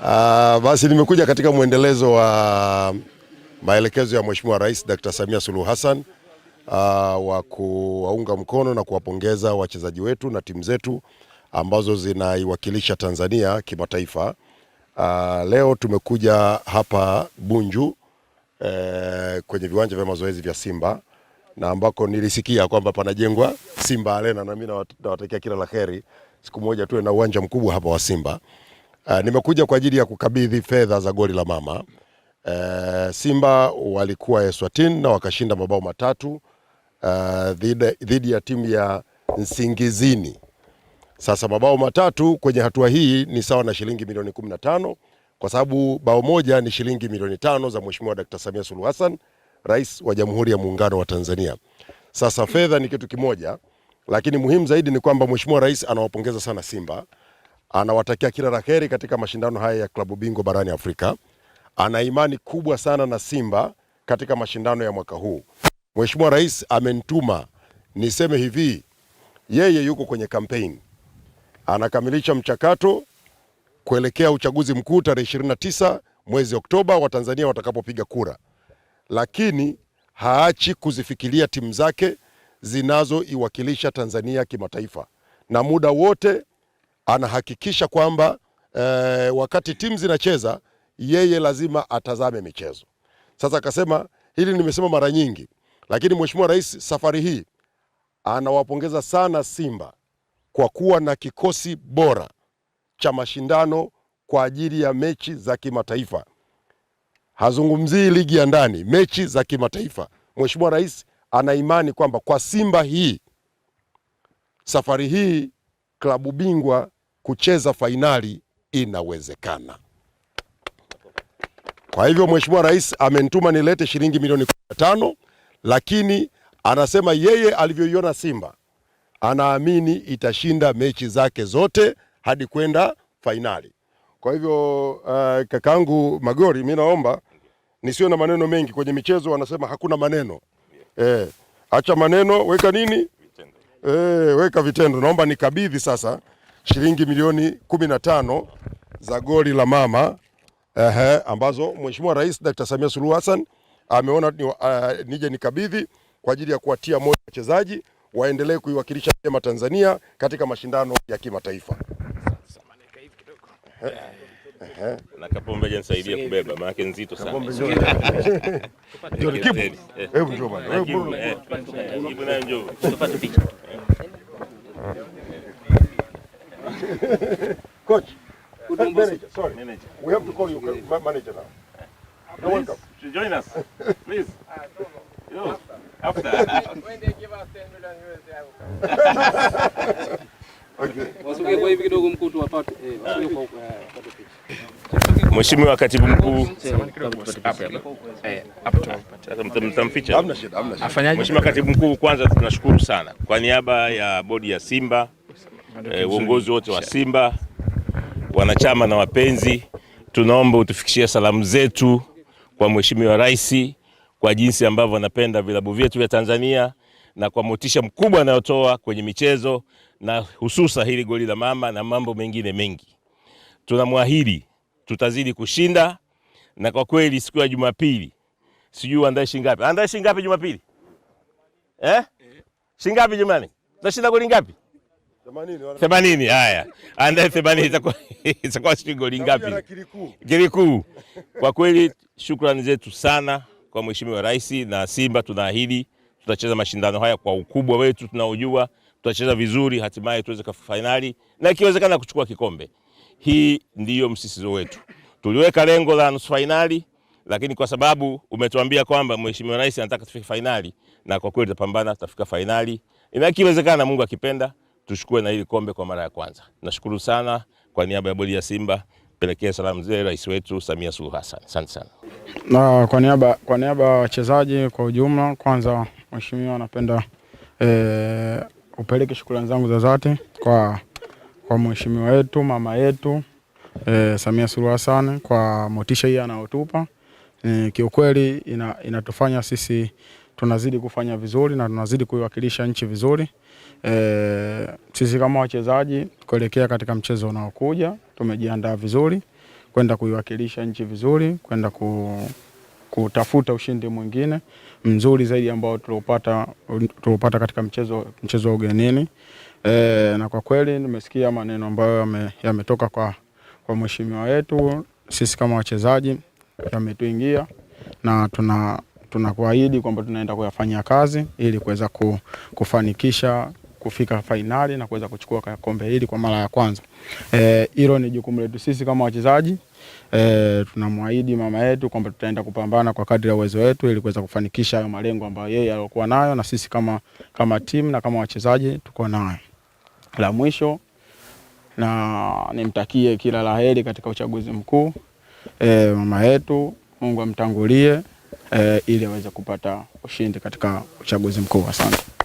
Uh, basi nimekuja katika mwendelezo wa maelekezo ya Mheshimiwa Rais Dr. Samia Suluhu Hassan uh, wa kuwaunga mkono na kuwapongeza wachezaji wetu na timu zetu ambazo zinaiwakilisha Tanzania kimataifa. Uh, leo tumekuja hapa Bunju eh, kwenye viwanja vya mazoezi vya Simba na ambako nilisikia kwamba panajengwa Simba Arena na mimi nawatakia kila la heri. Siku moja tuwe na uwanja mkubwa hapa wa Simba. Uh, nimekuja kwa ajili ya kukabidhi fedha za goli la mama. Uh, Simba walikuwa Eswatini na wakashinda mabao matatu uh, dhidi ya timu ya Nsingizini. Sasa mabao matatu kwenye hatua hii ni sawa na shilingi milioni 15 kwa sababu bao moja ni shilingi milioni tano za Mheshimiwa Dkt. Samia Suluhu Hassan, Rais wa Jamhuri ya Muungano wa Tanzania. Sasa fedha ni kitu kimoja, lakini muhimu zaidi ni kwamba Mheshimiwa Rais anawapongeza sana Simba Anawatakia kila laheri katika mashindano haya ya klabu bingwa barani Afrika. Ana imani kubwa sana na Simba katika mashindano ya mwaka huu. Mheshimiwa Rais amenituma niseme hivi, yeye yuko kwenye kampeni, anakamilisha mchakato kuelekea uchaguzi mkuu tarehe 29 mwezi Oktoba Watanzania watakapopiga kura, lakini haachi kuzifikiria timu zake zinazoiwakilisha Tanzania kimataifa na muda wote anahakikisha kwamba eh, wakati timu zinacheza yeye lazima atazame michezo. Sasa akasema hili nimesema mara nyingi, lakini Mheshimiwa Rais safari hii anawapongeza sana Simba kwa kuwa na kikosi bora cha mashindano kwa ajili ya mechi za kimataifa. Hazungumzii ligi ya ndani, mechi za kimataifa. Mheshimiwa Rais ana imani kwamba kwa Simba hii safari hii klabu bingwa kucheza fainali inawezekana. Kwa hivyo Mheshimiwa Rais amenituma nilete shilingi milioni 15 lakini anasema yeye alivyoiona Simba anaamini itashinda mechi zake zote hadi kwenda fainali. Kwa hivyo uh, kakangu Magori, mi naomba nisiwe na maneno mengi kwenye michezo, wanasema hakuna maneno eh, acha maneno, weka nini eh, weka vitendo. Naomba nikabidhi sasa shilingi milioni kumi na tano za goli la mama ehe, ambazo Mheshimiwa Rais Dr. Samia Suluhu Hassan ameona ni, uh, nije nikabidhi kwa ajili ya kuwatia moyo wachezaji waendelee kuiwakilisha vyema Tanzania katika mashindano ya kimataifa. Na Kapombe je, kubeba maana nzito sana. Coach, good manager. Sorry, manager. We have to call you manager now. Uh, You're welcome. To Join us, please. Uh, no, no. After. after. when they give us 10 million USD, I will come. Mheshimiwa Katibu Mkuu, Mheshimiwa Katibu Mkuu, kwanza tunashukuru sana kwa niaba ya bodi ya Simba Eh, uongozi wote wa Simba, wanachama na wapenzi, tunaomba utufikishie salamu zetu kwa Mheshimiwa Rais kwa jinsi ambavyo anapenda vilabu vyetu vya Tanzania na kwa motisha mkubwa anayotoa kwenye michezo na hususa hili goli la mama na mambo mengine mengi. Tunamwahidi tutazidi kushinda, na kwa kweli siku ya Jumapili sijui andae shingapi, andae shingapi Jumapili eh? Shingapi jamani, tunashinda goli ngapi? themanini. Haya, andae themanini, itakuwa sijui goli ngapi? Kirikuu. Kwa kweli shukrani zetu sana kwa Mheshimiwa Rais na Simba, tunaahidi tutacheza mashindano haya kwa ukubwa wetu tunaojua, tutacheza vizuri, hatimaye tuweze kufika fainali na ikiwezekana kuchukua kikombe. Hii ndiyo msisitizo wetu. Tuliweka lengo la nusu fainali, lakini kwa sababu umetuambia kwamba Mheshimiwa Rais anataka tufike fainali, na kwa kweli tutapambana, tutafika fainali na ikiwezekana, Mungu akipenda tushukue na hili kombe kwa mara ya kwanza. Nashukuru sana kwa niaba ya bodi ya Simba, pelekea salamu zile rais wetu Samia Suluhu Hassan. Asante sana. Na kwa niaba kwa niaba ya wachezaji kwa ujumla, kwanza mheshimiwa, napenda eh, upeleke shukrani zangu za dhati kwa, kwa mheshimiwa wetu mama yetu e, Samia Suluhu Hassan kwa motisha hii anayotupa e, kiukweli ina, inatufanya sisi tunazidi kufanya vizuri na tunazidi kuiwakilisha nchi vizuri. E, sisi kama wachezaji kuelekea katika mchezo unaokuja tumejiandaa vizuri kwenda kuiwakilisha nchi vizuri, kwenda ku, kutafuta ushindi mwingine mzuri zaidi ambao tuliopata tuliopata katika mchezo mchezo wa ugenini. E, na kwa kweli nimesikia maneno ambayo yametoka yame kwa, kwa mheshimiwa wetu. Sisi kama wachezaji yametuingia na tuna tunakuahidi kwamba tunaenda kuyafanyia kazi ili kuweza kufanikisha kufika fainali na kuweza kuchukua kombe hili kwa mara ya kwanza. E, hilo e, ni jukumu letu sisi kama wachezaji e, tunamwahidi mama yetu kwamba tutaenda kupambana kwa kadri ya uwezo wetu ili kuweza kufanikisha hayo malengo ambayo yeye alikuwa nayo na sisi kama, kama timu na kama wachezaji tuko nayo. La mwisho na nimtakie kila la heri katika uchaguzi mkuu e, mama yetu Mungu amtangulie eh, ili aweze kupata ushindi katika uchaguzi mkuu. Asante.